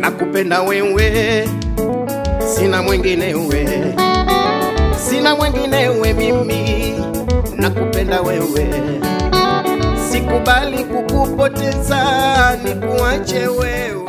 nakupenda wewe, sina mwinginewe, sina mwinginewe mimi, nakupenda wewe, sikubali kukupoteza, nikuache wewe.